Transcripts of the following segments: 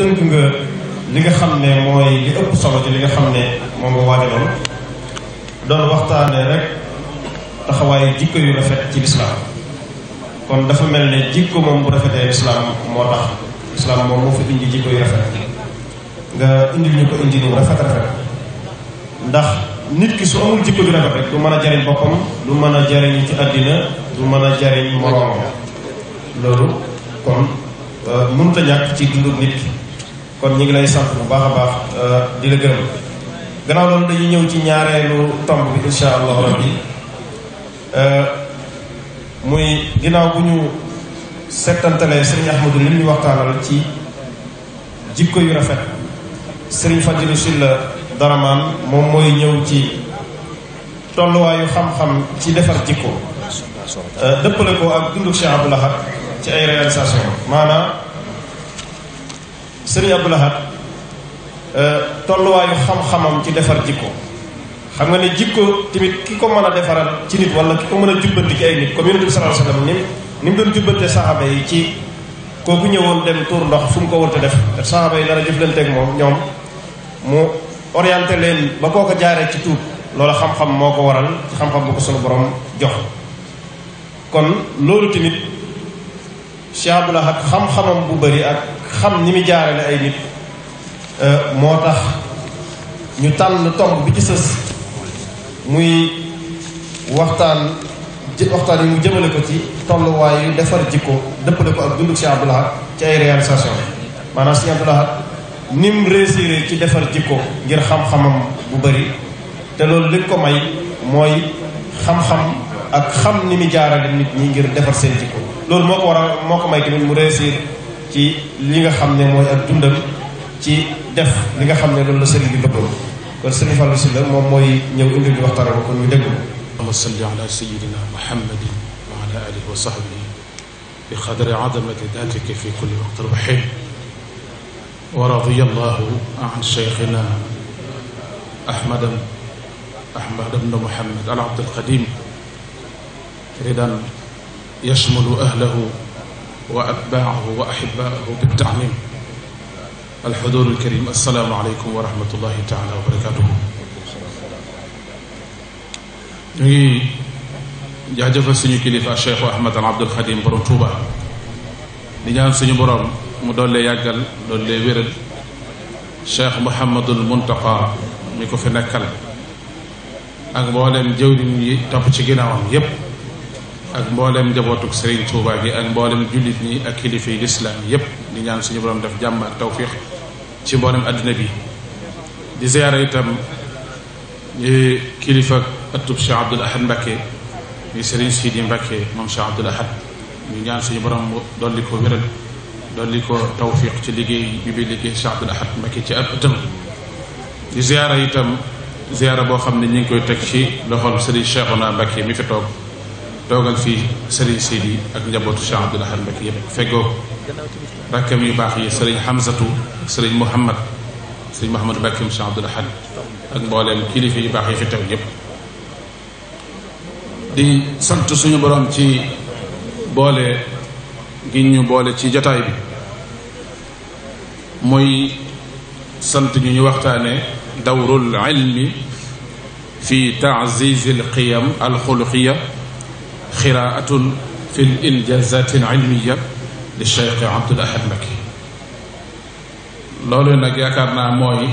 tënk li nga xam ne mooy li ëpp solo ci li nga xam ne moom nga waajaloon doon waxtaanee rek taxawaayu jikko yu rafet ci lislaam kon dafa mel ne jikko moom bu rafetee lislaam moo tax lislaam moom moo fi indi jikko yu rafet nga indi ñu ko indi ñu rafet rafet ndax nit ki su amul jikko ju rafet rek du mën a jariñ boppam lu mën a jariñ ci àddina du mën a jariñ moroomam loolu kon euh, mënut a ñàkk ci dundu nit ki kon ñu ngi lay sant bu baax a baax euh, di la gërëm gannaaw loolu dañuy ñëw ci ñaareelu tomb bi insha allahu rabbi euh, muy ginnaaw bu ñu settantalee sëriñ Ahmadu li ñu waxtaanal ci jikko yu rafet sëriñ Fadilu Silla Daramaan moom mooy ñëw ci tolluwaayu xam-xam ci defar jikko euh, dëppale ko ak dundu Cheikh Abdoul ci ay réalisation maanaam sëriñ Abdou Lahad euh, tolluwaayu xam-xamam ci defar jikko xam nga ne jikko tamit ki ko mën a defaral ci nit wala ki ko mën a jubbanti ci ay nit comme yonent bi sallallahu alayhi wasallam ni ni mu doon jubbante saxaaba yi ci kooku ñëwoon dem tuur ndox fu mu ko wërte def te saxaaba yi dara jëflanteeg moom ñoom mu orienté leen ba koo ko jaaree ci tuub loolu xam-xam moo ko waral ci xam-xam bu ko sunu borom jox kon loolu tamit Cheikh Abdou xam-xamam bu bari ak xam ni mu jaarale ay nit euh, moo tax ñu tànn tomb bi ci sës muy waxtaan waxtaan yi mu jëmale ko ci tolluwaay yu defar jikko dëppale ko ak dundug Sëriñ Abdou Lahad ci ay réalisation maanaam Sëriñ Abdou Lahad nim réussir ci defar jikko ngir xam-xamam bu bari te loolu li ko may mooy xam-xam ak xam ni mu jaarale nit ñi ngir defar seen jikko loolu moo ko waral moo ko may tamit mu réussir ci li nga xam ne mooy ak dundam ci def li nga xam ne loolu la sëriñ bi bëggoon kon sëriñ Fallou Sylla moom mooy ñëw indi di waxtaan ko kon ñu déglu allahumma salli ala sayyidina muhammadin wa ala alihi wa sahbihi bi qadri azamati datika fi kulli waqtin wa hin wa radiya allahu an cheikhina ahmad ahmad ibn muhammad al abd al qadim ridan yashmulu ahlahu wa atbaahu wa ahibaahu bitaalim alxudur alkarim assalaamu aleykum wa rahmatullahi taala wa barakaatuhu ñu ngi jaajëfal suñu kilifa cheikhu ahmad al abdul xadim borom tuuba di ñaan suñu borom mu doollee yàggal doollee wéral cheikh mohamadul muntaqa mi ko fi nekkal ak mboolem jëwriñ yi topp ci ginnaawam yépp ak mbooleem njabootug sëriñ Touba gi ak mboolem jullit ñi ak kilifa yi lislaam yépp di ñaan suñu borom def jàmm ak ci mboolem adduna bi di ziyaara itam kilifa ëttub Cheikh Abdoul Ahad Mbacké di Serigne moom Cheikh Abdoul Ahad ñu ñaan suñu borom dolli ko wéral dolli ko tawfiq ci liggéey bi liggéey Cheikh Abdoul Ahad Mbacké ci ab ëttam di ziyaara itam ziyaara boo xam ne ñu ngi koy teg ci loxol Serigne Cheikhouna Mbacké mi fi toog toogal fii sëriñ Sidi ak njabootu Cheikh Abdoul Ahad Mbacké yëpp feggoo rakkam yu baax yi sëriñ Hamzatu ak sëriñ Mouhamad sëriñ Mouhamad Mbacké Cheikh Abdoul Ahad ak mbooleem kilifa yu baax yi fi teew yëpp di sant suñu boroom ci boole gi ñu boole ci jotaay bi mooy sant ñu ñu waxtaane dawrul ilmi fi taaziz al qiyam al xuluqiya xiraatun fi l injaazatin li cheikh abdul ahad Mbacké loolu nag yaakaar naa mooy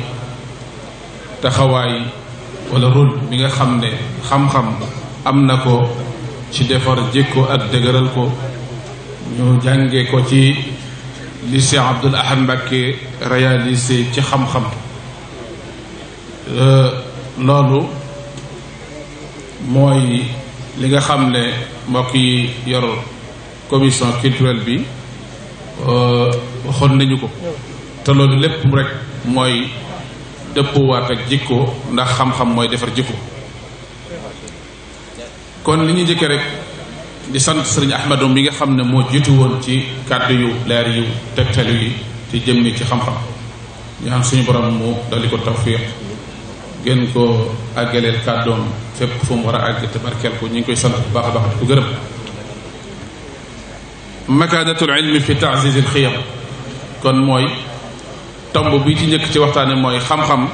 taxawaay wala rôle bi nga xam ne xam-xam am na ko ci defar jikko ak dëgëral ko ñu jànge ko ci li cheikh abdul ahad Mbacké réalisé ci xam-xam euh, loolu mooy li nga xam ne mbokk yi yor commission culturelle bi euh, xool nañu ko te loolu lépp rek mooy dëppuwaat ak jikko ndax xam-xam mooy defar jikko kon li ñu njëkkee rek di sant sëriñ Ahmadou mi nga xam ne moo jiitu woon ci kàddu yu leer yu tegtalu yi ci jëm ni ci xam-xam ñaan suñu borom mu dali ko tawfiq gën koo àggaleel kàddoom fépp fu mu war a àgg te barkeel ko ñu ngi koy sant bu baax a baax di ko gërëm makaanatul ilmi fi taasiisil xiyam kon mooy tomb bi ci njëkk ci waxtaane mooy xam-xam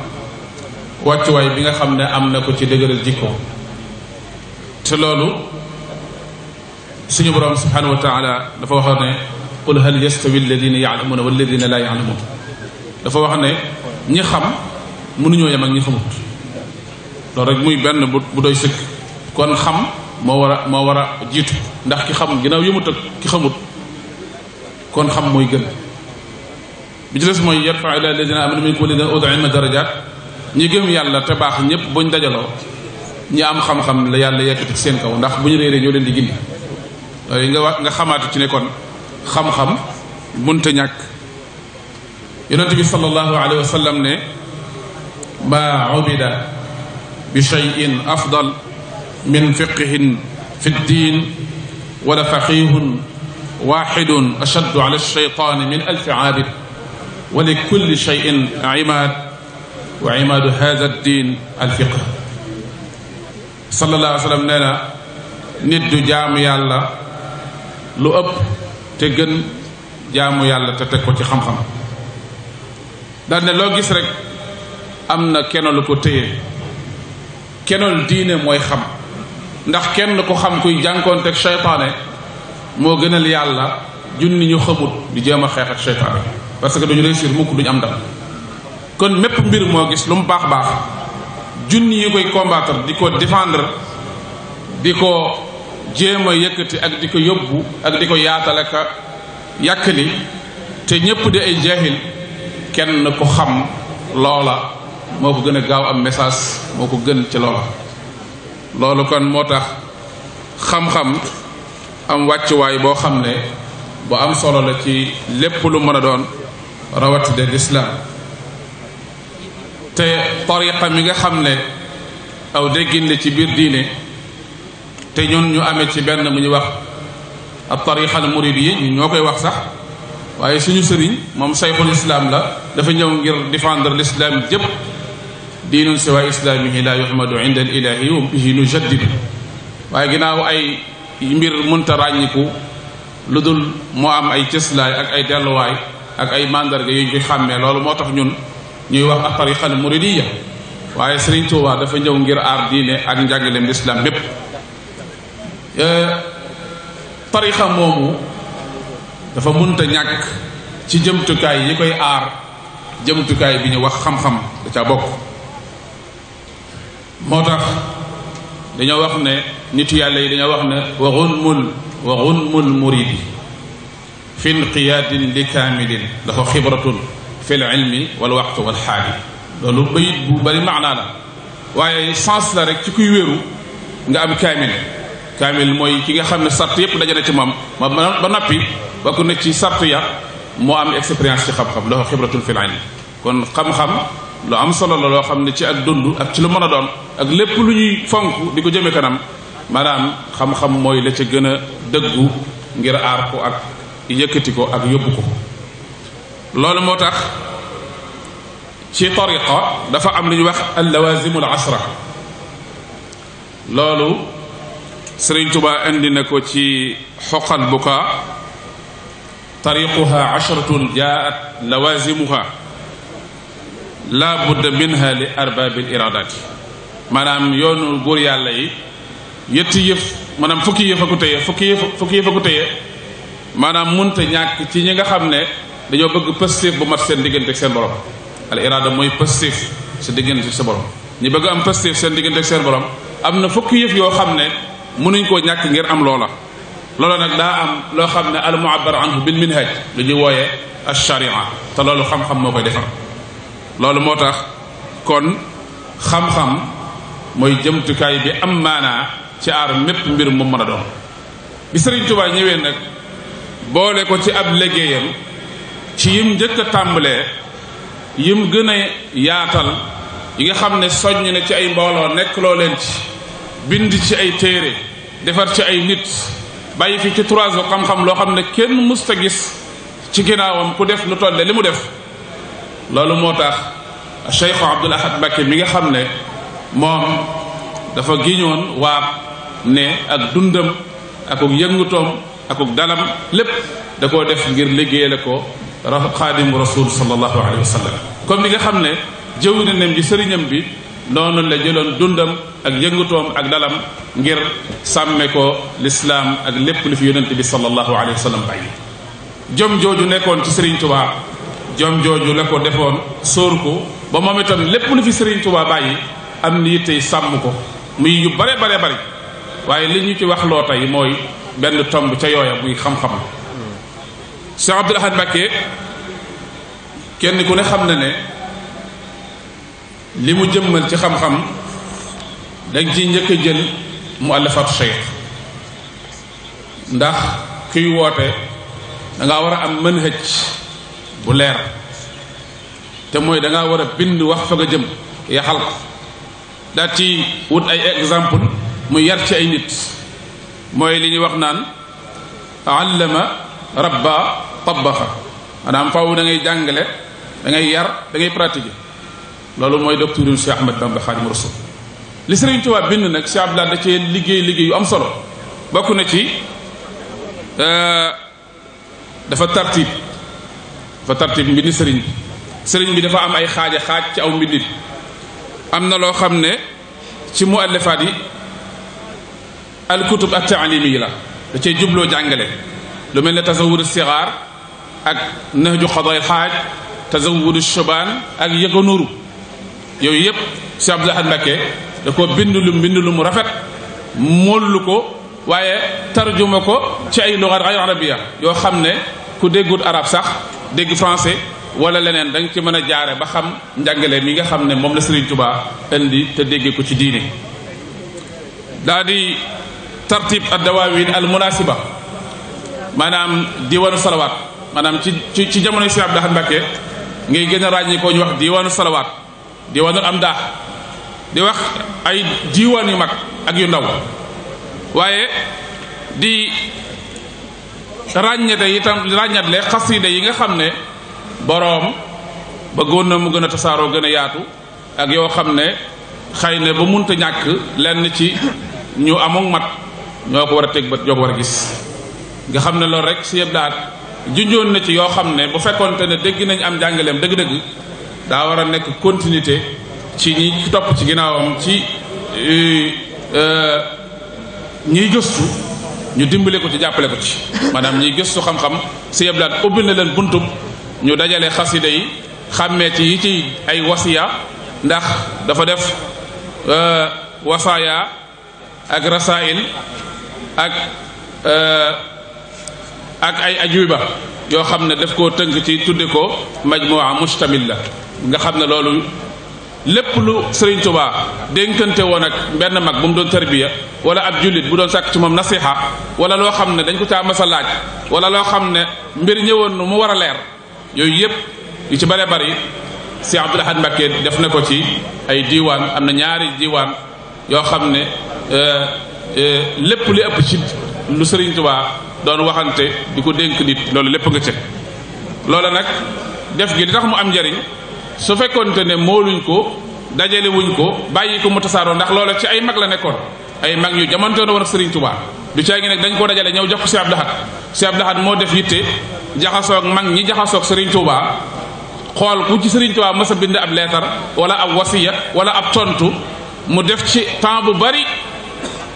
wàccuwaay bi nga xam ne am na ko ci dëgëral jikko te loolu suñu borom subhanahu wa taala dafa wax ne qul hal yastawi alladina yaalamuuna walladina laa yaalamuun dafa wax ne ñi xam mënuñoo yem ak ñi xamut loolu rek muy benn bu doy sëkk kon xam moo war moo war a jiitu ndax ki xam ginnaaw yëmut ak ki xamut kon xam mooy gën bi ci des mooy yarfa ila alladina amanu minkum alladina utul ilma darajat ñi gëm yàlla te baax ñëpp buñ dajaloo ñi am xam-xam la yàlla yekkati ci seen kaw ndax bu ñu réeree ñoo leen di gindi yooyu nga nga xamaatu ci ne kon xam-xam munta ñàkk yonent bi sallallahu alayhi wa ne ma ubida bi cheyin afdal min fiqihin fi ddin wala faqihun waxidun ashaddu ala alcheytani min alfi aabid wa likulli cheyin imaad wa imaadu hada ddin alfiqh sallallahu alayhi wa sallam nee na nit du jaamu yàlla lu ëpp te gën jaamu yàlla te teg ko ci xam-xam daal ne loo gis rek am na kenoon kenoolu ko téye kenoon diine mooy xam ndax kenn ku xam kuy jànkoonte ak seytaane moo gënal yàlla junni ñu xamut di jéem a xeex ak seytaane parce que duñu réussir mukk duñu am ndam kon mépp mbir moo gis lu mu baax baax junni yi koy combattre di ko défendre di ko jéem a yëkkati ak di ko yóbbu ak di ko yaatale ka yàkkali te ñépp di ay jaahil kenn ko xam loola moo ko gën a gaaw am message moo ko gën ci loola loolu kon moo tax xam-xam am wàccuwaay boo xam ne bu am solo la ci lépp lu mën a doon rawatina lislaam te tariqa mi nga xam ne aw déggin la ci biir diine te ñun ñu amee ci benn bu ñuy wax ab tariqa al murid yi ñu ñoo koy wax sax waaye suñu sëriñ moom sayxul islam la dafa ñëw ngir défendre l'islam jëpp diinun siwa islaamihi la yuhmadu inda al ilahi wa bihi nujaddidu waaye ginnaaw ay mbir munta ràññiku lu dul moo am ay cëslaay ak ay delluwaay ak ay mandarga yu ñu koy xàmmee loolu moo tax ñun ñuy wax ak tariqal muridiya waaye Sëriñ Tuubaa dafa ñëw ngir aar diine ak njàngaleem lislaam bépp eh, tariqa moomu dafa munta ñàkk ci jëmtukaay yi koy aar jëmtukaay bi ñu wax xam-xam da bokk moo tax dañoo wax ne nit yàlla yi dañoo wax ne wa gunmul wa gunmul muridi fi inqiyaadin li kaamilin dafa xibratun fi l ilmi wal waqt wal xaali loolu bu bari maanaa la waaye sens la rek ci kuy wéeru nga am kaamil kaamil mooy ki nga xam ne sart yépp daje ci moom ma ba noppi bokk na ci sart ya moo am expérience ci xam-xam dafa xibratun fi l ilmi kon xam-xam lu am solo la loo xam ne ci ak dund ak ci lu mën a doon ak lépp lu ñuy fonk di ko jëme kanam maanaam xam-xam mooy la ci gën a dëggu ngir aar ko ak yëkkati ko ak yóbbu ko loolu moo tax ci tariqa dafa am lu ñuy wax al lawazimul asra loolu Sëriñ Tuba indi ne ko ci xoqal buka tariquha ashratun jaat lawazimuha la budda minha li arbabil iradaati maanaam yoonu góor yàlla yi yetti yëf maanaam fukki yëf a ko téye fukki yëf fukki yëf a ko téye maanaam munta ñàkk ci ñi nga xam ne dañoo bëgg positif bu mat seen diggante ak seen borom al irada mooy positif sa diggante sa borom ñu bëgg am positif seen diggante ak seen borom am na fukki yëf yoo xam ne mënuñ koo ñàkk ngir am loola loola nag daa am loo xam ne al muabbar anhu bil minhaj lu ñu wooyee al sharia te loolu xam moo koy defar loolu moo tax kon xam-xam mooy jëmtukaay bi am maanaa ci aar mépp mbir mu mën a doon bi Sëriñ Tuubaa ñëwee nag boole ko ci ab liggéeyam ci yim njëkk a tàmbalee yim gën a yaatal yi nga xam ne soññ ne ci ay mbooloo nekk loo leen ci bind ci ay téere defar ci ay nit bàyyi fii ci trois xam-xam loo xam ne kenn musta gis ci ginnaawam ku def lu tolle li mu def loolu moo tax Cheikh Abdoul Ahad Mbacké mi nga xam ne moom dafa giñoon waab ne ak dundam ak yëngutoom ak dalam lépp da koo def ngir liggéeyale ko xaadimu rasul sallallahu alayhi wa comme li nga xam ne jëwrinam ji sëriñam bi noonu la jëloon dundam ak yëngutoom ak dalam ngir sàmme ko lislaam ak lépp li fi yonent bi sallallahu alayhi wa sallam jom jooju nekkoon ci sëriñ Tuubaa jom jooju la ko defoon sóor ko ba moom itam lépp lu fi sëriñ Tuubaa bàyyi am na yittey sàmm ko muy yu bare bare bari waaye li ñu ci wax loo tey mooy benn tomb ca yooya muy xam-xam Cheikh Abdoul Ahad Mbacké kenn ku ne xam na ne li mu jëmmal ci xam-xam dañ ci njëkk a jël mu allafat cheikh ndax kuy woote danga war a am mën hëcc bu leer te mooy danga war a bind wax fa jëm yaxal ko daal ci wut ay exemple mu yar ci ay nit mooy li ñuy wax naan allama rabba tabaxa maanaam faw da ngay jàngale dangay yar dangay ngay loolu mooy docteur yu Cheikh Ahmed Bamba Xaadimu Rasul li Sëriñ Tuubaa bind nag Cheikh Abdoulaye da cee liggéey liggéeyu am solo bokk na ci euh, dafa tartib fa tartib mbindi sëriñ bi sëriñ bi dafa am ay xaaja xaaj ci aw mbindit am na loo xam ne ci muallafaat yi alkutub ak taalimi yi la da cee jubloo jàngale lu mel ne tasawuru sixaar ak nahju xaday xaaj tasawuru shubaan ak yëganuru yooyu yëpp si Abdul Ahad Mbakke da ko bind lu mbind lu mu rafet mollu ko waaye tarjuma ko ci ay lugat ay arabiya yoo xam ne ku déggut arab sax dégg français wala leneen danga nga ci mën a jaare ba xam njàngale mi nga xam ne moom la Serigne Touba indi te dégg ko ci diine daa di tartib addawaawin al munasiba maanaam diwaanu salawaat maanaam ci ci ci jamono si Abdou Lahad Mbacké ngay gën a ràññee koo ñu wax diwaanu salawaat diwaanu am daax di wax ay diwaan yu mag ak yu ndaw waaye di ràññete itam ràññatle xasida yi nga xam ne boroom bëggoon na mu gën a tasaaroo gën a yaatu ak yoo xam ne xëy na ba munta ñàkk lenn ci ñu amuk mat ñoo ko war a teg bët ñoo ko war a gis nga xam ne loolu rek si yëpp daal junjoon na ci yoo xam ne fekkoon te ne dégg nañ am jàngaleem dégg dégg daa war a nekk continuité ci ñi topp ci ginnaawam ci euh, euh, ñiy gëstu ñu dimbale ko ci jàppale ko ci maanaam ñiy gëstu xam-xam si yeblaat ubbil na leen buntub ñu dajale xasida yi xàmmee ci yi ci ay wasiya ndax dafa def euh, wasaya ak rasail ak euh, ak ay ajuba yoo xam ne def koo tënk ci tudde ko majmua mustamil la nga xam ne loolu lépp lu sëriñ tubaa dénkante woon ak benn mag bu mu doon tarbiya wala ab jullit bu doon sàkk ci moom nasiha wala loo xam ne dañ ko caa masa laaj wala loo xam ne mbir ñëwoon nu mu war a leer yooyu yépp yu ci bare bari si Abdul Ahad Mbakke def na ko ci ay diiwaan am na ñaari diiwaan yoo xam ne euh, euh, lépp li ëpp ci lu sëriñ tubaa doon waxante di ko dénk nit loolu lépp nga cëg loola nag def gi li tax mu am njariñ su fekkoonte ne mooluñ ko dajalewuñ ko bàyyi ko mu tasaaroo ndax loola ci ay mag la nekkoon ay mag yu jamontoon war a sëriñ lu du caa ngi nag dañ koo dajale ñëw jox ko Cheikh Abdou Lahad moo def yitte jaxasoog mag ñi jaxasoog sëriñ Tuubaa xool ku ci sëriñ Tuubaa mës bind ab leetar wala ab wasiya wala ab tontu mu def ci temps bu bari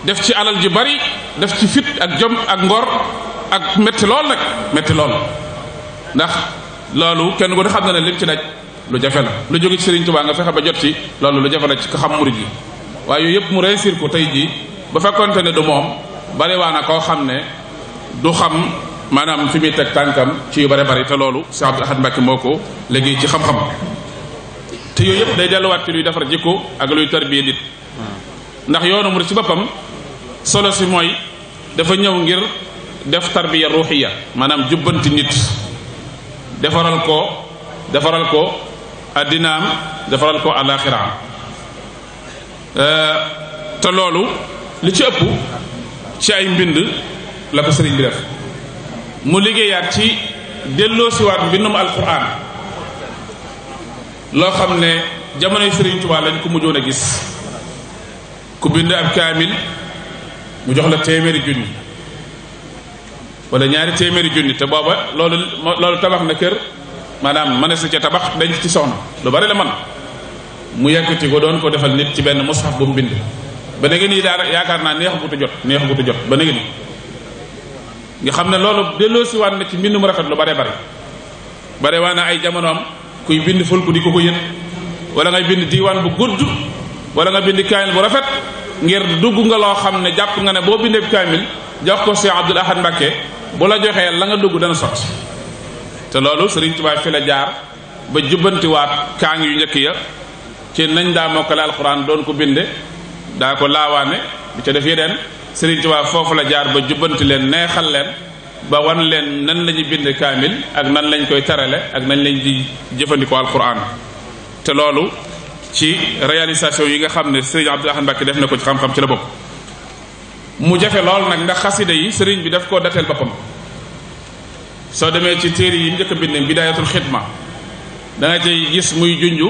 def ci alal ju bari def ci fit ak jom ak ngor ak métti lool nag métti lool ndax loolu kenn ku ne xam na ne lim ci daj lu jafe la lu jóge ci Serigne Touba nga fexe ba jot ci loolu lu jafe ci ko xam murid yi waaye yooyu yëpp mu réussir ko tey jii ba fekkonte ne du moom waa na koo xam ne du xam maanaam fi muy teg tànkam ci yu bare bari te loolu Cheikh Abdou Ahad Mbacké moo ko léegi ci xam-xam te yooyu yëpp day delluwaat ci luy defar jikko ak luy tarbiya nit ndax yoonu murid ci boppam solo si mooy dafa ñëw ngir def tarbiya ruuxiya maanaam jubbanti nit defaral ko defaral ko addinaam defaral ko alaxiraam euh, te loolu li ci ëpp ci ay mbind la ko sëriñ bi def mu liggéeyaat ci delloosiwaat mbindum alquran loo xam ne jamonoy sëriñ Tuubaa lañ ko mujjoon a gis ku bind ab kaamil mu jox la téeméeri junni wala ñaari téeméeri junni te booba loolu loolu tabax na kër maanaam mënees na ca tabax denc ci soxna lu bari la man mu ti ko doon ko defal nit ci benn mushaf bu mu bind ba léegi nii daara yaakaar naa neexagut a jot neexagut bu jot ba léegi nii nga xam ne loolu delloosiwaat na ci mu rafet lu bare bare bare waa na ay jamonoom kuy bind fulku di ko ko yët wala ngay bind diiwaan bu gudd wala nga bind kaamil bu rafet ngir dugg nga loo xam ne jàpp nga ne boo bindee kaamil jox ko Cheikh Abdoul Ahad Mbacké la joxee la nga dugg dana sotti te loolu Sëriñ Tuubaa fi la jaar ba jubbantiwaat kaang yu njëkk ya ci nañ daa mokkale alxuraan doon ko binde daa ko laawaane bi ca def yeneen Sëriñ Tuubaa foofu la jaar ba jubbanti leen neexal leen ba wan leen nan la bindee bind kaamil ak nan lañ koy tarale ak nañ lañ di jëfandikoo alxuraan te loolu ci réalisation yi nga xam ne Sëriñ Abdul Ahad Mbàkke def na ko ci xam-xam ci la bopp mu jafe lool nag ndax xasida yi sëriñ bi daf koo dateel boppam soo demee ci téere yi njëkk a bind bidaayatul xidma da nga cay gis muy junju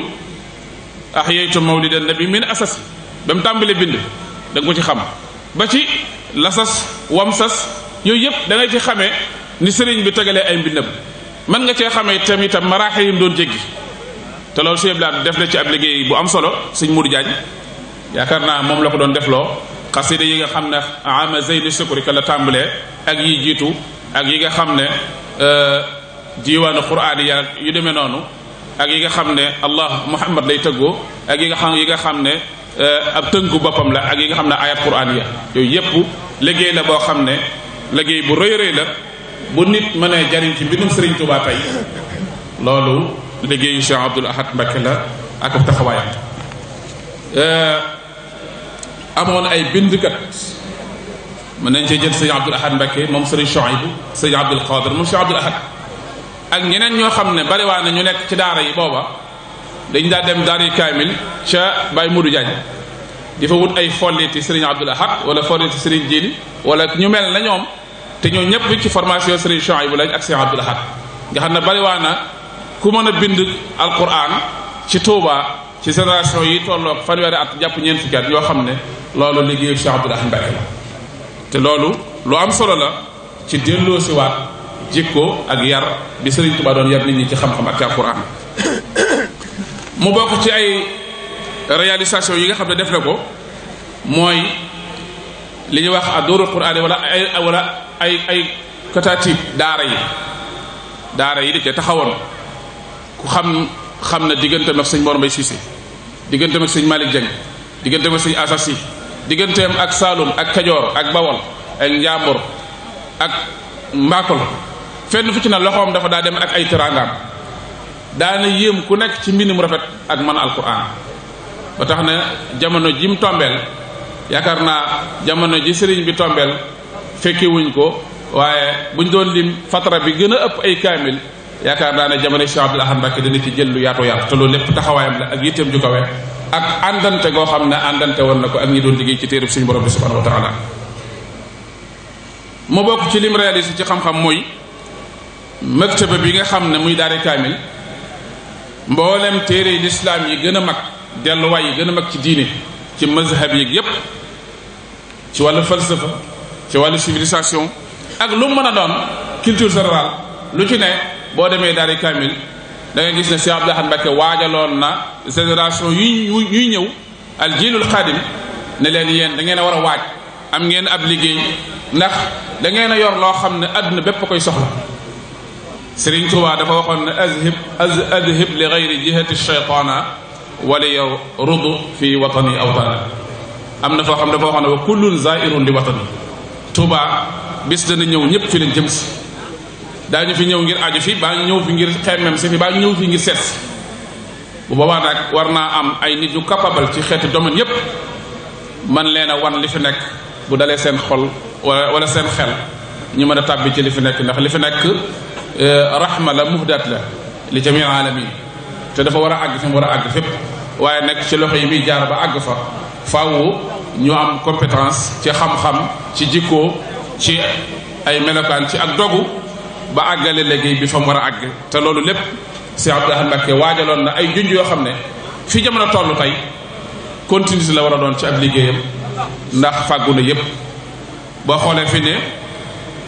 ahyaytu mawlidan nabi min asas ba mu tàmbalee bind da ko ci xam ba ci la sas lasas wamsas yooyu yëpp da ci xame ni sëriñ bi tegalee ay mbindam mën nga cee xamee tamitam maraaxe yi mu doon jéggi te loolu Sëñ Blaat def na ci ab liggéey bu am solo sëñ Mourou Diagne yaakaar naa moom la ko doon defloo xasida yi nga xam ne ama zeyni sukuri la tàmbalee ak yi jiitu ak yi nga xam ne Euh, diiwaanu quraan ya yu demee noonu ak yi nga xam ne allah muhammad lay tëggoo ak yi nga xam yi nga xam ne euh, ab tënku boppam la ak yi nga xam ne ayat quraan ya yooyu yépp liggéey la boo xam ne liggéey bu rëy rëy la bu nit mënee jariñ ci mbindum sëriñ Tuubaa tey loolu liggéeyu Cheikh Abdoul la ak taxawaayam euh, amoon ay bindkat mën nañ cee jël sëñ Abdul Ahad Mbakke moom sëriñ Chouaïbou sëñ Abdul Qadir moom sëñ Abdul Ahad ak ñeneen ñoo xam ne bari waa na ñu nekk ci daara yi booba dañ daa dem daari kaamil ca Baye Modou Diagne di fa wut ay folliti sëriñ Abdul Ahad wala folliti sëriñ Jili wala ñu mel na ñoom te ñoo ñëpp ci formation sëriñ Chouaïbou lañ ak sëñ Abdul Ahad nga xam ne bari na ku mën a bind alquran ci Touba ci génération yi tolloog fanweeri at jàpp ñeent fukki at yoo xam ne loolu liggéeyu Cheikh Abdul Ahad Mbakke la te loolu lu am solo la ci delloo siwaat jikko ak yar bi Sëriñ Tuubaa doon yar nit ñi ci xam-xam ak ci alxuraan mu bokk ci ay réalisation yi nga xam ne def na ko mooy li ñuy wax adurul quraani wala ay wala ay ay kataatib daara yi daara yi di ke taxawoon ku xam xam na digganteem ma sëñ Mor Mbay Cissé digganteem ak sëñ Malick Dieng digganteem ak sëñ Asasi digganteem ak Saalum ak Kajoor ak Bawol ak Njaambur ak Mbakol fenn fu ci na loxoom dafa daa dem ak ay teraangaam daana yéem ku nekk ci mbindum rafet ak mën alquran ba tax na jamono ji mu tombeel yaakaar naa jamono ji sëriñ bi tombeel fekkewuñ ko waaye buñ doon lim fatara bi gën a ëpp ay kaamil yaakaar naa ne jamono Cheikh Abdoul Ahad Mbacké dana ci jël lu yaatu yaatu te loolu lépp taxawaayam la ak yitteem ju kawe ak àndante goo xam ne àndante woon na ko ak ñi doon liggéey ci téereb suñu borom bi subhanahu wa taala mu bokk ci lim réalisé ci xam-xam mooy maktaba bi nga xam ne muy daare kaamil mboolem téere yi lislaam yi gën a mag delluwaay yi gën a mag ci diine ci mazhab yi yépp ci wàllu falsafa ci wàllu civilisation ak lu mën a doon culture générale lu ci ne boo demee daare kaamil da gis ne Cheikh Abdou Lahad Mbacké waajaloon na génération yu yuy ñëw al jiilul xadim ne leen yéen da ngeen a war a waaj am ngeen ab liggéey ndax da ngeen a yor loo xam ne àdduna bépp koy soxla Sëriñ Tuubaa dafa waxoon ne azhib adhib li gayri jihati shaytaana wali rudu fi watani awtaana am na foo xam dafa waxoon ne wa kullun zairun li watani Tuubaa bis dana ñëw ñëpp fi lañ jëm si ñu fi ñëw ngir aju fi baa ñëw fi ngir xemmem si fi baa ñëw fi ngir sees bu boobaa nag war naa am ay nit yu capable ci xeeti domaine yépp man leen a wan li fi nekk bu dalee seen xol wala wala seen xel ñu mën a tàbbi ci li fi nekk ndax li fi nekk eh, raxma la muhdat la li jamii alamin te dafa war a àgg fi mu war a àgg fépp waaye nekk ci loxo yi muy jaar ba àgg fa faaw ñu am compétence ci xam-xam ci jikko ci ay melokaan ci ak dogu ba àggale liggéey bi fa mu war a àgg te loolu lépp Cheikh Abdou Lahad Mbacké waajaloon na ay junj yoo xam ne fi jamono toll tey continuité la war a doon ci ab liggéeyam ndax fàggu na yépp boo xoolee fi ne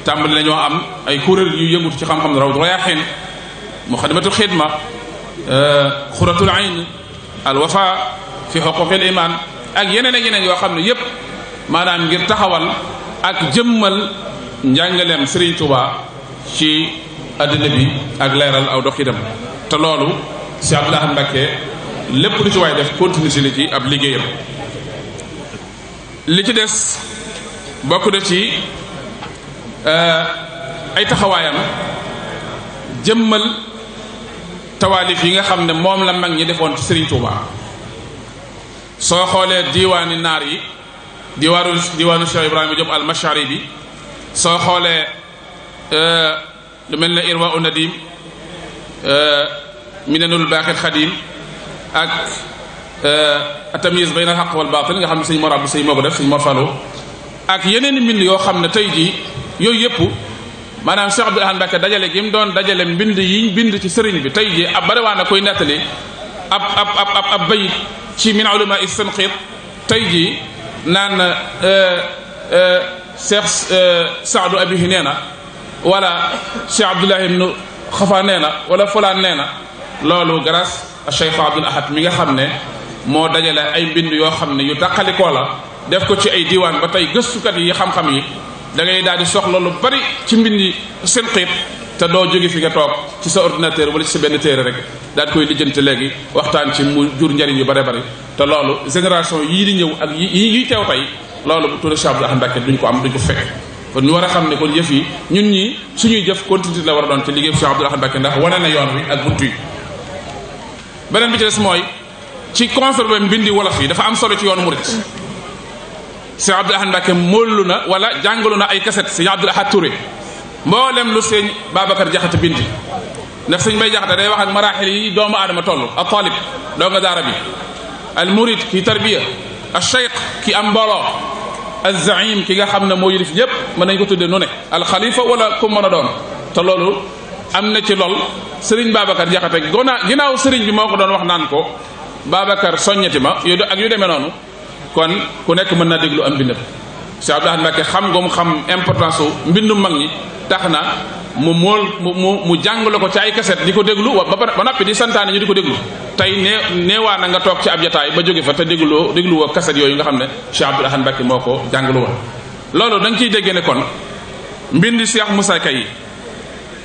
tàmbali nañoo am ay kuréel yu yëngut ci xam-xam ne rawdu rayaaxiin muxadimatul xidma euh, xuratul ayn al wafa fi xuquqil ak yeneen a yeneen yoo xam ne yépp maanaam ngir taxawal ak jëmmal njàngaleem Serigne Touba ci àddina bi ak leeral aw doxinam te loolu si Abdoulaye Mbacke lépp lu ci waay def continue si li ci ab liggéeyam li ci des bokk na ci euh, ay taxawaayam jëmmal tawaalif yi nga xam ne moom la mag ñi defoon ci Serigne Touba soo xoolee diwaani naar yi diwaanu diwaanu Cheikh Ibrahima Diop al Mashari bi soo xoolee. Euh, lu mel ne irwa u nadim euh, minanul baaxil xadim ak euh, atamise bayna xaq wal baatil nga xam ne sëñ morabu sëñ moo ko def moo falu ak yeneen mbind yoo xam ne tey jii yooyu yëpp maanaam Cheikh Abdoul Ahad Mbacké dajale gim mu doon dajale mbind yi bind ci sëriñ bi tey jii ab bariwaana koy nettali ab ab ab ab bayit ci min ulama istanqit tey jii naan Cheikh Saadu Abihi nee na wala Cheikh Abdoulahi ibnu Xafa nee na wala fulaan nee na loolu grâce à Cheikh Abdoul Ahad mi nga xam ne moo dajale ay mbind yoo xam ne yu tàqalikoo la def ko ci ay diwaan ba tey gëstukat yi xam-xam yi da ngay daal di soxla lu bari ci mbind seen xiit te doo jóge fi nga toog ci sa ordinateur wala ci sa benn téere rek daal koy lijjanti léegi waxtaan ci mu jur njariñ yi bare bari te loolu génération yii di ñëw ak yii yii teew tey loolu bu tudd Cheikh Abdoul Ahad Mbacké duñ ko am duñ ko fekk kon nu war a xam ne kon jëf yi ñun ñi suñuy jëf continuité la war a doon ci liggéey Cheikh Abdoul Ahad Mbacké ndax wane na yoon wi ak bunt yi beneen bi ci des mooy ci conservé mbindi wolof yi dafa am solo ci yoonu murit Cheikh Abdoul Ahad Mbacké moolu na wala jàngalu na ay kaset sëñ Abdoul Ahad Touré mboolem lu sëñ Babacar Jaxate bindi ndax sëñ Bay Jaxate day wax ak maraaxil yi doomu aadama toll a talib doo nga daara bi al murid ki tarbiya al am mbooloo azzaim ki nga xam ne moo yilif ñëpp mën nañ ko tudde nu ne alxalifa wala ku mën a doon te loolu am na ci lool sëriñ Babacar Jaxate gona ginnaaw sëriñ bi moo ko doon wax naan ko Babacar soññati ma yu ak yu demee noonu kon ku nekk mën naa déglu am mbindam Cheikh Abdou Ahad Mbacké xam nga mu xam importance u mbindum mag ñi tax na mu mool mu mu jàng la ko ci ay kaset di ko déglu ba ba noppi di santaane ñu di ko déglu tey nee neewaa na nga toog ci ab jataay ba jóge fa te dégloo dégluwoo kaset yooyu nga xam ne Cheikh Abdoul Ahad Mbacké moo ko jàngalu woon loolu da nga ciy déggee ne kon mbindi Cheikh Moussa Kay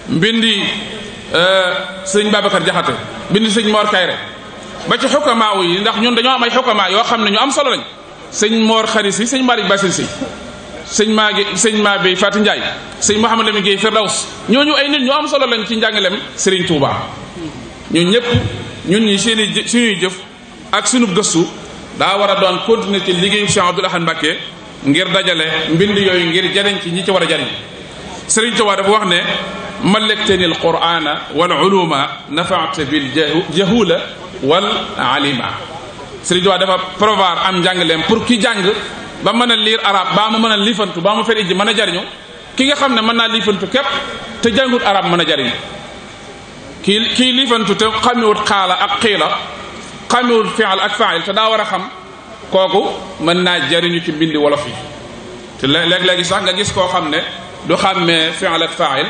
mbindi euh, sëñ Babacar Diakhaté mbindi sëñ Mor Kayre ba ci xukamaa yi ndax ñun dañoo am ay xukamaa yoo xam ne ñu am solo lañ sëñ moor Xari si sëñ Malick Basir si sëñ maa gi sëñ maa bi Fatou Ndiaye sëñ Mouhamadou Lamine Guèye Firdaws ñooñu ay nit ñu am solo leen ci njàngaleem Serigne Touba ñun ñëpp ñu ñi seen i suñuy jëf ak suñu gëstu daa war a doon continuer ci liggéeyu Cheikh Abdoul Ahad Mbacké ngir dajale mbind yooyu ngir jariñ ci ñi ci war a jariñ Serigne Touba dafa wax ne malekteeni al qurana wal uluma nafaate bil jahula wal alima Serigne Touba dafa prévoir am leen pour ki jàng ba mën a liir arab baa ma mën a liifantu baa ma fer ijji mën a jariñu ki nga xam ne mën naa liifantu képp te jàngut arab mën a jariñu kii kii liifantu te wut xaala ak xiila xamiwut fial ak fail te daa war a xam kooku mën naa jariñu ci mbindi wolof yi te léeg-léegi sax nga gis koo xam ne du xàmmee fial ak fail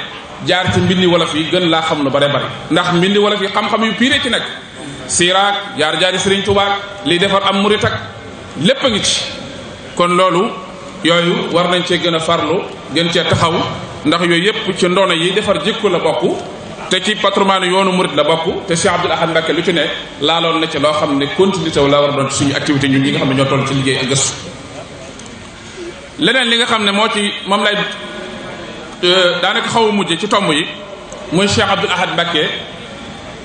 jaar ci mbindi wolof yi gën laa xam lu bare bare ndax mbindi wolof yi xam-xam yu piiree ci nekk siiraak jaar jaari sëriñ tubaak lii defar am murit ak lépp a ngi kon loolu yooyu war nañ cee gën a farlu gën cee taxaw ndax yooyu yëpp ci ndono yi defar jikko la bokk te ci patrimoine yoonu murit la bokk te Cheikh Abdoul Ahad Mbacké lu ci ne laaloon na ci loo xam ne continuité wu la war doon ci suñu activité ñun ñi nga xam ne ñoo toll ci liggéey ak gëstu leneen li nga xam ne moo ci moom lay euh, daanaka xaw a mujj ci tomb yi muy Cheikh Abdoul Ahad Mbacké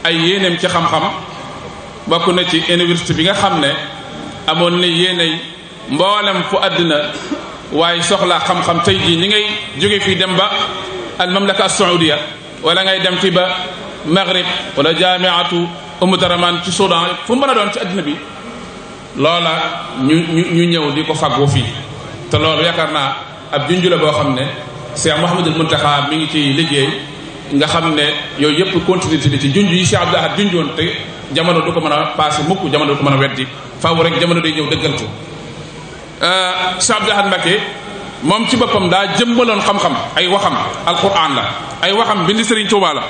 ay yéeneem ci xam-xam bokk na ci université bi nga xam ne amoon na yéeney mboolem fu àddina waaye soxlaa xam-xam tey jii ni ngay jóge fii dem ba al mamlaka al saudia wala ngay dem ci ba maghrib wala jaamiatu umu man ci soudan fu mën a doon ci àddina bi loola ñu ñu ñu ñëw di ko faggu fii te loolu yaakaar naa ab la boo xam ne Cheikh Mouhamadul xaa mi ngi ci liggéey nga xam ne yooyu yëpp continuité ci junj yi si Abdou Ahad junjoon te jamono du ko mën a passé mukk jamono du ko mën a weddi faaw rek jamono day ñëw dëggal Euh, Cheikh Abdou Lahad Mbacké moom ci boppam daa jëmbaloon xam-xam ay waxam alquran la ay waxam bindi Sëriñ Tuubaa la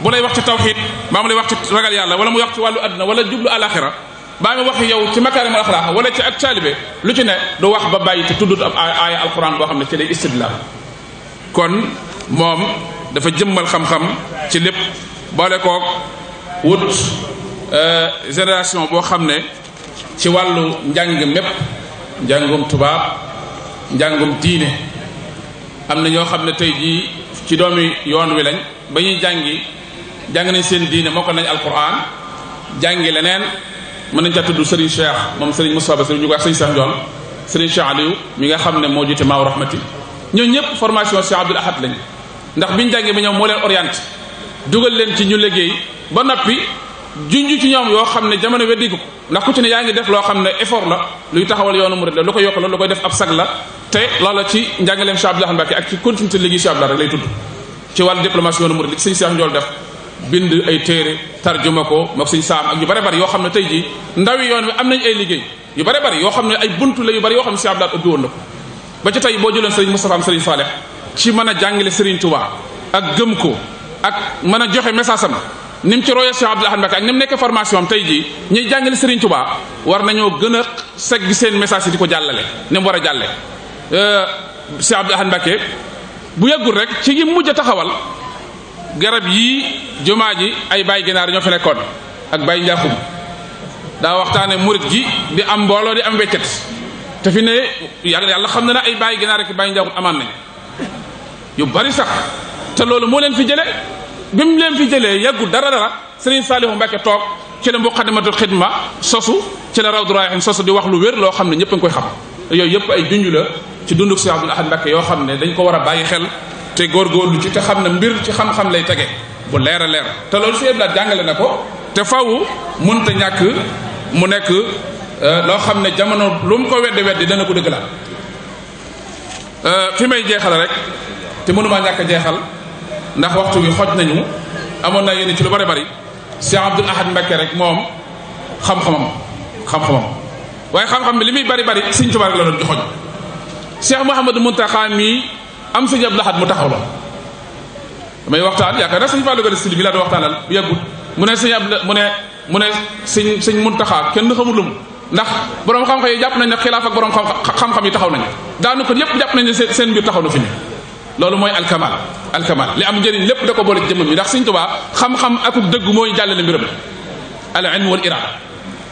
bu lay wax ci tawxiid maa mu lay wax ci ragal yàlla wala mu wax ci wàllu àdduna wala jublu alaxira baa ngi wax yow ci makaarimal axlaaq wala ci ak taalibe lu ci ne du wax ba bàyyi ci tuddut am aaya alquran boo xam ne ci lay istidlaal kon moom dafa jëmmal xam-xam ci lépp boole koog wut euh, génération boo xam ne ci wàllu njàng mépp njàngum tubaab njàngum diine am na ñoo xam ne tey jii ci doomi yoon wi lañ ba ñuy jàngi jàng nañ seen diine moo ko nañ alquran jàngi leneen mën nañ ca tudd Serigne Cheikh moom Serigne Moustapha Serigne ñu ko wax Serigne Cheikh Ndiol Serigne mi nga xam ne moo jiite Maaw Rahmati ñoo ñëpp formation Cheikh Abdoul Ahad lañ ndax biñ jàngee ba ñëw moo leen orienté dugal leen ci ñu liggéey ba noppi junj ci ñoom yoo xam ne jamono weddi ko ndax ku ci ne yaa ngi def loo xam ne effort la luy taxawal yoonu murid la lu ko yokk la lu koy def ab sag la te loola ci njàngaleem Cheikh Abdoulaye Mbacké ak ci continuité liggéey Cheikh Abdoulaye rek lay tudd ci wàllu diplomatie yoonu murid li ci sëñ Cheikh Ndiol def bind ay téere tarjuma ko mag sëñ saam ak yu bare bari yoo xam ne tey jii ndawi yoon wi am nañ ay liggéey yu bare bari yoo xam ne ay bunt la yu bari yoo xam ne Cheikh Abdoulaye ubbi woon na ko ba ci tey boo jëloon sëriñ Moustapha am sëriñ Saleh ci mën a jàngale sëriñ Touba ak gëm ko ak mën a joxe message am ni mu ci royee Cheikh Abdoul ak ni mu nekk formation am tey jii ñuy jàngale Serigne Touba war nañoo gën a segg seen message yi di ko jàllale ni war a jàlle euh, Cheikh Abdoul Ahad Mbacké bu yàggul rek ci yi mujj taxawal garab yii jumaa ji ay bàyyi ginaar ñoo fi nekkoon ak bàyyi njaaxum daa waxtaane murit gi di am mbooloo di am weccet te fi ne yàlla yàlla xam na ne ay bàyyi ginaar ak bàyyi njaaxum amaan nañ yu bari sax te loolu moo leen fi jële bi mu leen fi jëlee yàggu dara dara Serigne Saliou Mbacke toog ci la Muqaddimatul Xidma sosu ci la Rawdu Rayaahin sosu di wax lu wér loo xam ne ñëpp a koy xam yooyu yëpp ay junj la ci dunduk Cheikh Abdoul Ahad Mbacke yoo xam ne dañ ko war a bàyyi xel te góor góorgóorlu ci te xam na mbir ci xam-xam lay tege bu leer a leer te loolu Cheikh Abdoul jàngale na ko te faw mënta ñàkk mu nekk euh, loo xam ne jamono lu mu ko weddi weddi dana ko dëggalaat euh, fi may jeexal rek te mënuma ñàkk jeexal ndax waxtu bi xoj nañu amoon naa yéene ci lu bari bari Cheikh Abdoul Ahad Mbacké rek moom xam-xamam xam-xamam waaye xam-xam li muy bari bari Sëriñ Tuubaa rek la doon joxoñ Cheikh Mouhamadou Mountakha mii am Sëriñ Abdoul Ahad mu taxaw la damay waxtaan yaakaar na Sëriñ Fallou Gare Syll bi laa doon waxtaanal bu mu ne Sëriñ Abdoul mu ne mu ne Sëriñ Sëriñ Mountakha kenn xamul ndax borom xam-xam yi jàpp nañ ne xilaaf ak borom xam-xam yi taxaw nañ daanu ko lépp jàpp nañ seen mbir taxaw na fi ñu loolu mooy alkamal alkamal li am njëriñ lépp da ko boole jëmmam yi ndax Sëriñ Tuubaa xam-xam akub dëgg mooy jàllale mbiram al ilm wal irada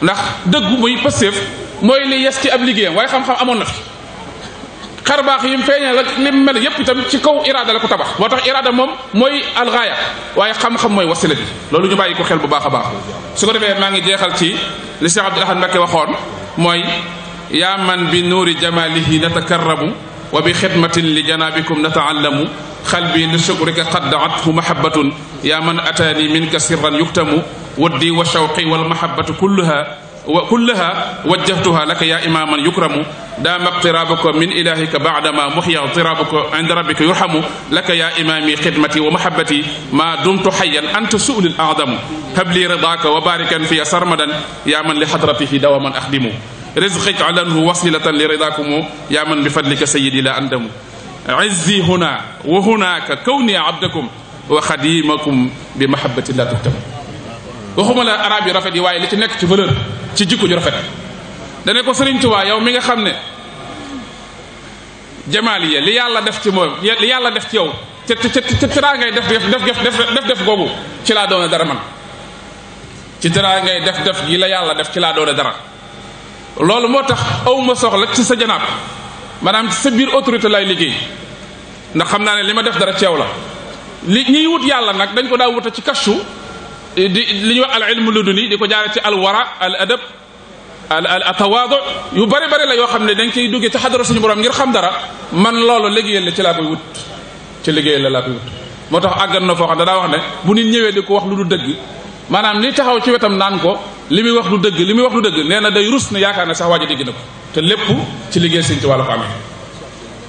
ndax dëgg muy pëstéef mooy li yes ci ab liggéeyam waaye xam-xam amoon na fi xar baax yi mu feeñal ak li mu mel yépp tamit ci kaw irada la ko tabax moo tax irada moom mooy algaaya waaye xam-xam mooy wasila bi loolu ñu bàyyi ko xel bu baax a baax su ko defee maa ngi jeexal ci li Cheikh Abdoul Ahad Mbacké waxoon mooy yaa man bi nuuri jamalihi natakarramu wa bi xidmatin li janaabikum nataallamu xalbi li shukrika qad daathu mahabatun yaa man ataani minka sirran yuktamu waddi wa shawqi walmahabatu kulluha wa kullaha wajjahtuha laka ya imaman yukramu daama iqtirabuka min ilahika baadama muhya iqtirabuka inda rabbika yurhamu laka ya imami xidmati wa mahabati ma dumtu hayyan anta su'lil a'damu habli ridaka wa barikan fiya sarmadan ya man li hadratihi dawaman akhdimu rizqik alanhu wasilatan li ridakumu ya man bi fadlika sayyidi la andamu izzi huna wa hunaka kawni abdakum wa xadimakum bi mahabbati la tuktam waxuma la arab yi rafet yi waaye li ci nekk ci valeur ci jikko ju rafet dane ko Sëriñ Tuubaa yow mi nga xam ne jamaal yi li yàlla def ci moom li yàlla def ci yow te ngay def def def def def googu ci laa dara man ci tëraa def def gi la yàlla def ci laa dara loolu moo tax awma soxla ci sa janaab maanaam ci sa biir autorité lay liggéey ndax xam naa ne li ma def dara ceew la li ñuy wut yàlla nag dañ ko daa wuta ci kachu di li ñuy wax al ilmu luduni di ko jaare ci al wara al adab al atawaadu yu bare bari la yoo xam ne dañ koy duggee ci xadara suñu borom ngir xam dara man loolu liggéeyal la ci laa koy wut ci liggéeyal la laa koy wut moo tax àggan na foo xam ne daa wax ne bu nit ñëwee di ko wax lu du dëgg maanaam li taxaw ci wetam naan ko li muy wax du dëgg li muy wax du dëgg nee na day rus ne yaakaar ne sax waa ji dégg na ko te lépp ci liggéey sëñ Tuubaa la ko amee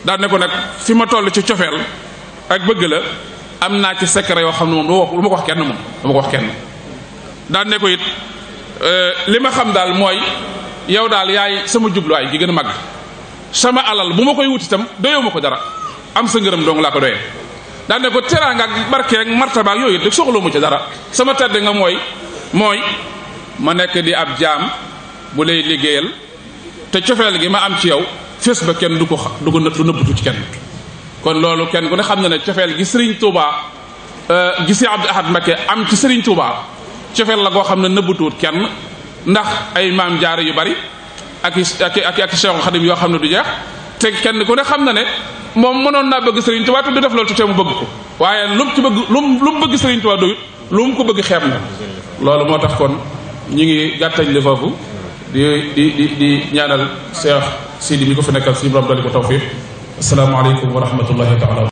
daan ne ko nag fi ma toll ci cofeel ak bëgg la am naa ci secret yoo xam ne moom lu ma ko wax kenn moom lu ma ko wax kenn daan ne ko it euh, li ma xam daal mooy yow daal yaay sama jubluwaay gi gën a màgg sama alal bu ma koy wut itam doyoo ma ko dara am sa ngërëm dong laa ko doyee daan ne ko teraanga ak barke ak yooyu it soxloo ci dara sama tedd nga mooy mooy ma nekk di ab jaam bu lay liggéeyal te cofeel gi ma am ci yow fés ba kenn du ko du ko nëttu nëbbatu ci kenn kon loolu kenn ku ne xam na ne cofeel gi Serigne Touba euh, gi si Abdou Ahad Mbacké am ci Serigne Touba cofeel la koo xam ne nëbbatuwut kenn ndax ay maam jaare yu bari ak ak ak ak Cheikh Khadim yoo xam ne du jeex te kenn ku ne xam na ne moom mënoon naa bëgg Serigne Touba te du def loolu te mu bëgg ko waaye lu mu bëgg lu mu lu mu bëgg Serigne Touba doyut lu mu ko bëgg xeeb na loolu moo tax kon. ñu ngi gàttañ li foofu di di di di ñaanal Cheikh Sidi mi ko fi nekkal si borom dali ko tawfiq asalaamaaleykum wa rahmatullahi taala